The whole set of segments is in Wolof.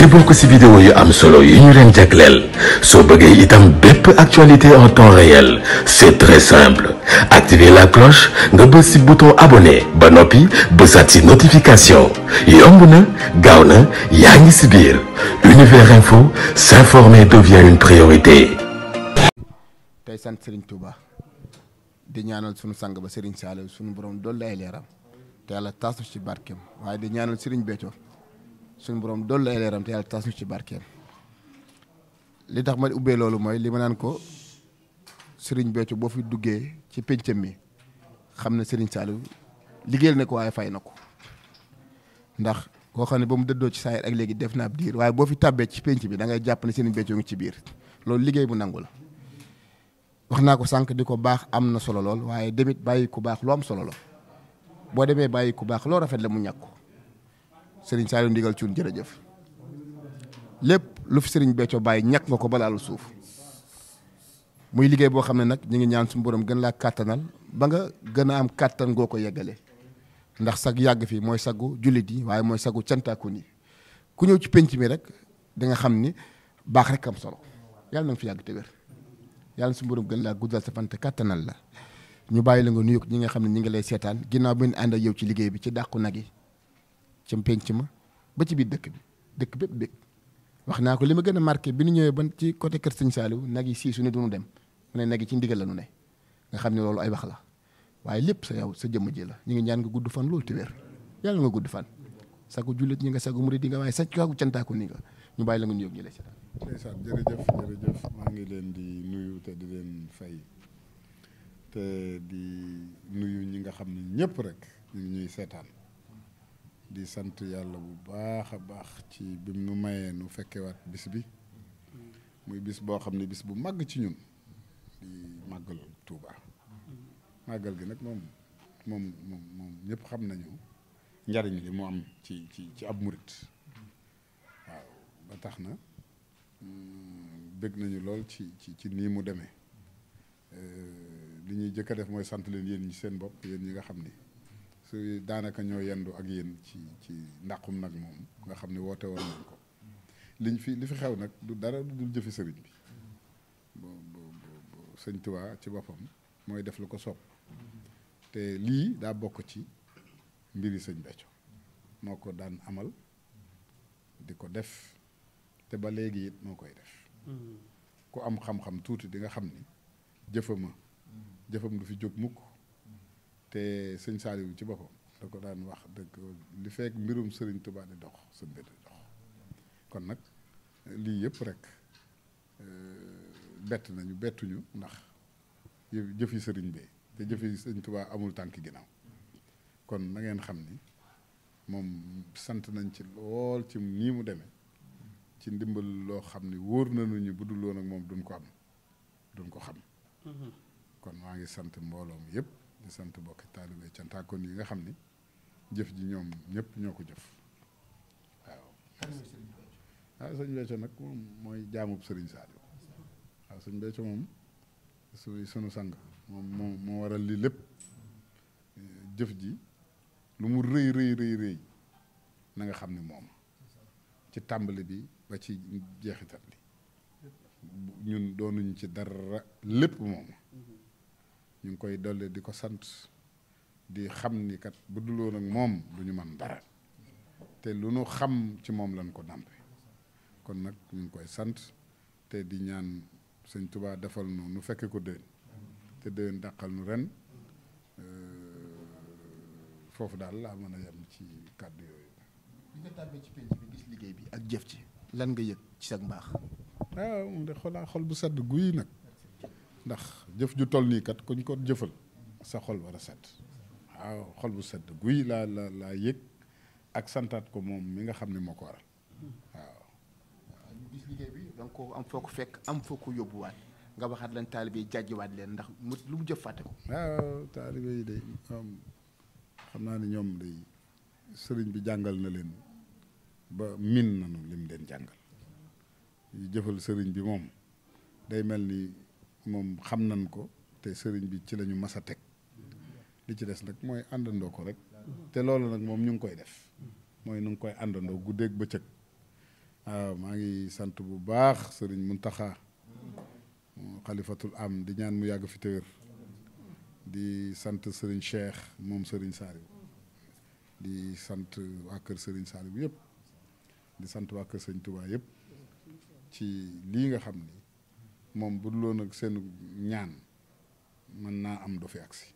ci bokk si vidéo yu am solo yu ñu leen jagleel soo bëggee itam bépp actualité en temps réel c'est très simple activer la cloche nga bës si bouton abonné ba noppi bësaat si notification yomb na gaaw na yaa ngi si biir univers info s'informer devient une priorité. tey sant Serigne Touba di ñaanal sunu sang ba Serigne Saliou sunu borom dolli ay leeram te yàlla taasu ci barkeem waaye di ñaanal Serigne Béthio. suñu borom doolu la leeram te yàlla tas ñu ci barkeem li tax ma ubbee loolu mooy li ma naan ko sëriñ Béthio boo fi duggee ci péncam mi xam ne Serigne Saliou liggéey na ko waaye fay na ko ndax koo xam ne ba mu dëddoo ci saayir ak léegi def na ab diir waaye boo fi tàbbee ci pénc bi da ngay jàpp ne Serigne Béthio ngi ci biir loolu liggéey bu nangu la wax naa ko sànq di ko baax am na solo lool waaye demit bàyyi ku baax lu am solo la boo demee bàyyi ku baax loo rafet la mu ñàkk sëriñ Saliou Ndigal Thioune jërëjëf lépp lu fi sëriñ Béthio bàyyi ñàkk nga ko balaalu suuf muy liggéey boo xam ne nag ñu ngi ñaan suñu borom gën laa kàttanal ba nga gën a am kàttan goo ko yeggale ndax sag yàgg fi mooy sagu jullit yi waaye mooy sagu cantaakun yi ku ñëw ci penc mi rek danga xam ni baax rek am solo yàlla na nga fi yàgg te wér yàlla suñu borom gën laa guddal sa fan te kàttanal la ñu bàyyi la nga nuyu ñi nga xam ne ñu ngi lay seetaan ginnaaw bi ñu ci liggéey bi ci dàqu nag yi ci penc ma ba ci biir dëkk bi dëkk bépp bég wax naa ko li ma gën a marqué bi nu ñëwee ban ci côté kër sëñ Saliou nag yi siisu ne duñu dem mu ne nag yi ci ndigal la nu ne nga xam ne loolu ay wax la waaye lépp sa yow sa jëmm ji la ñu ngi ñaan nga gudd fan loolu te wér yàlla nga gudd fan sagu jullit ñi nga sagu di nga waaye sax kaagu cantaaku ni nga ñu bàyyi la nga nuyoog ñu lay seetaan ndeysaan jërëjëf jërëjëf maa ngi leen di nuyu te di leen fay di nuyu ñi nga xam ne ñëpp rek ñu ngi seetaan di sant yàlla bu baax a baax ci bi mu mayee nu fekkewaat bis bi muy bis boo xam ne bis bu màgg ci ñun di màggal Tuuba màggal gi nag moom moom moom ñëpp xam nañu njariñ li mu am ci ci ci ab murit waaw ba tax na mm, bëgg nañu lool ci ci ci nii mu demee euh, li ñuy jëkk a def mooy sant leen yéen ñi seen bopp yéen ñi nga xam ni su daanaka ñoo yendu ak yéen ci ci ndàqum nag moom nga xam ne woote woon nañ ko liñ fi li fi xew nag du dara du dul jëfi sëriñ bi sëñ Tuubaa ci boppam mooy def lu ko sopp te lii daa bokk ci mbiri sëñ Béthio moo ko daan amal di ko def te ba léegi it moo koy def mm-hmm. ku am xam-xam tuuti di nga xam ni jëfama jëfam du fi jóg mukk te sëñ Saliou ci boppam da ko daan wax dëgg li fekk mbirum sëriñ Touba ni dox sa mbir di dox kon nag lii yëpp rek euh, bett nañu bettuñu ndax jëfi sëriñ bi te jëfi sëñ tubaa amul tànk ginnaaw kon nangeen xam ni moom sant nañ ci lool ci nii mu deme ci ndimbal loo xam ni wóor nañu bu dul woon ak moom duñ ko am duñ ko xam mm-hmm. kon maa ngi sant mbooloo mi yëpp di sant bokki taalibe cantaakoon yi nga xam ni jëf ji ñoom ñëpp ñoo ko jëf waaw waaw sëñ ah, Béthio nag moom mooy jaamub sëriñ Saliou waaw ah, sëñ Béthio moom su sunu sang moom moo waral lii lépp jëf ji lu mu rëy rëy rëy na nga xam ni moom ci tàmbali bi ba ci jeexital li ñun doonuñ ci dara lépp moom ñu ngi koy dolli di ko sant di xam ni kat bu duloo nag moom du ñu mën dara te lu nu xam ci moom lañ ko dàmpe kon nag ñu ngi koy sant te di ñaan sëñ Tuubaa defal nu nu ko déwén te déwén dàqal nu ren foofu daal laa mën a yem ci kàddu yooyu. bi bi ak jëf ci lan nga yëg ci sag mbaax. waaw ah, moom de xolaa xol bu sedd guy nag. ndax jëf ju toll nii kat kuñ ko jëfal sa xol war a sedd waaw xol bu sedd guy laa la laa yëg ak santaat ko moom mi nga xam ne moo ko waral waaw. am foo ko nga waxaat leen taalibe yi jàjjiwaat leen ndax mu lu jëf fàtte ko. waaw taalibe yi day xam naa ni ñoom day sëriñ bi jàngal na leen ba min nanu lim leen jàngal yu jëfal sëriñ bi moom day mel ni. moom xam nañ ko te sëriñ bi ci lañu ñu mas a teg li ci des nag mooy àndandoo ko rek te loolu nag moom ñu ngi koy def mooy nu ngi koy àndandoo guddeeg bëccëg waaw maa ngi sant bu baax sëriñ Muntaxa xalifatul am di ñaan mu yàgg fi te di sant sëriñ Cheikh moom sëriñ Saaliw di sant waa kër sëriñ Saaliw yëpp di sant waa kër sëriñ Tuubaa yëpp ci lii nga xam ni moom bu dul nag ak seen ñaan mën naa am du fi agsi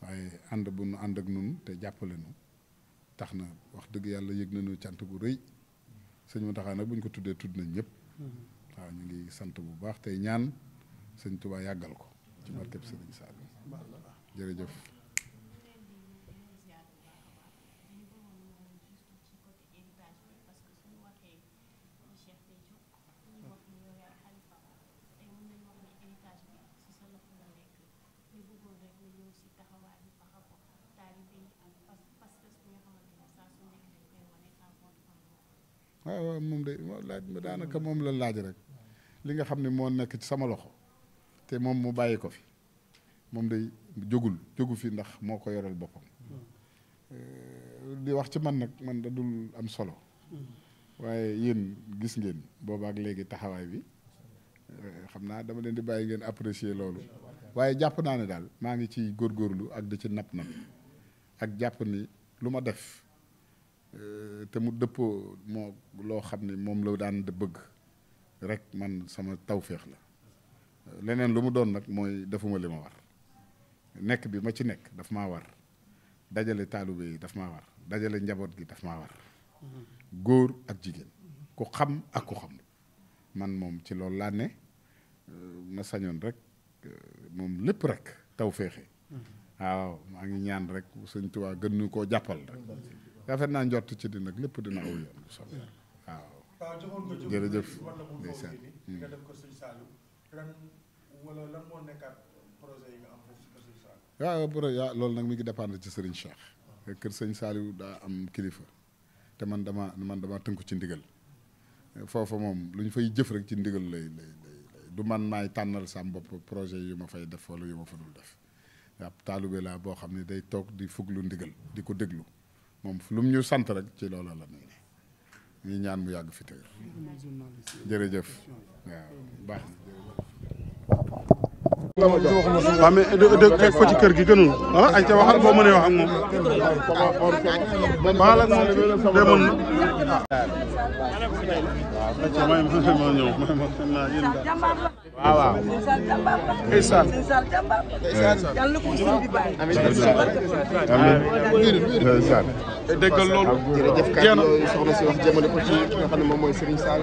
waaye ànd bu nu ànd ak nun te jàppale nu tax na wax dëgg yàlla yëg nañu cant bu rëy sëñ Mountakha nag bu ñu ko tuddee tudd nañ ñëpp waaw ñu ngi sant bu baax tey ñaan sëñ Tuubaa yàggal ko ci barkeb sëriñ Saliou jërëjëf waaw moom de laaj ma daanaka moom la laaj rek li nga xam ne moo nekk ci sama loxo te moom mu bàyyi ko fi moom day jógul jógu fi ndax moo ko yoral boppam euh, di wax ci man nag man da am solo hmm. waaye yéen gis ngeen boobaak léegi taxawaay bi xam naa dama leen di bàyyi ngeen apprécier loolu waaye jàpp naa ne daal maa ngi ci góorgóorlu ak di ci napp nag ak jàpp ni lu ma def euh, te mu dëppoo moo loo xam ne moom la daan bëgg rek man sama tawféex la leneen lu mu doon nag mooy defuma li ma war nekk bi ma ci nekk daf maa war dajale taalibe yi daf maa war dajale njaboot gi daf maa war mm-hmm. góor ak jigéen ku xam ak ku xam man moom ci loolu laa ne ma sañoon rek euh, moom lépp rek taw féexe waaw maa ngi ñaan rek sëñ Tuubaa gën ñu koo jàppal rek rafet naa njort ci di nag lépp dina aw sol waaw jërëjëf ndeysaan waaw loolu nag mi ngi dépendre ci Serigne Cheikh kër sëñ Saliou daa am kilifa te man dama man dama tënku ci ndigal foofa moom lu ñu fay jëf rek ci ndigal lay lay du man maay tànnal sam bopp projet yu ma fay def wala yu ma fa dul def ab taalube laa boo xam ne day toog di fuglu ndigal di ko déglu moom lu mu ñu sant rek ci loola la ñuy ne ñuy ñaan mu yàgg fi a jërëjëf waaw baax waaw mais dégg fekk ko ci kër gi gënul ah ay ca waxal boo mënee wax ak moom baal ak moom demoon na waaw waaw ndeysaan ndeysaan déggal loolu jërëjëf kan soxna si wax jëmale ko ci ki nga xam ne moom mooy Serigne Sall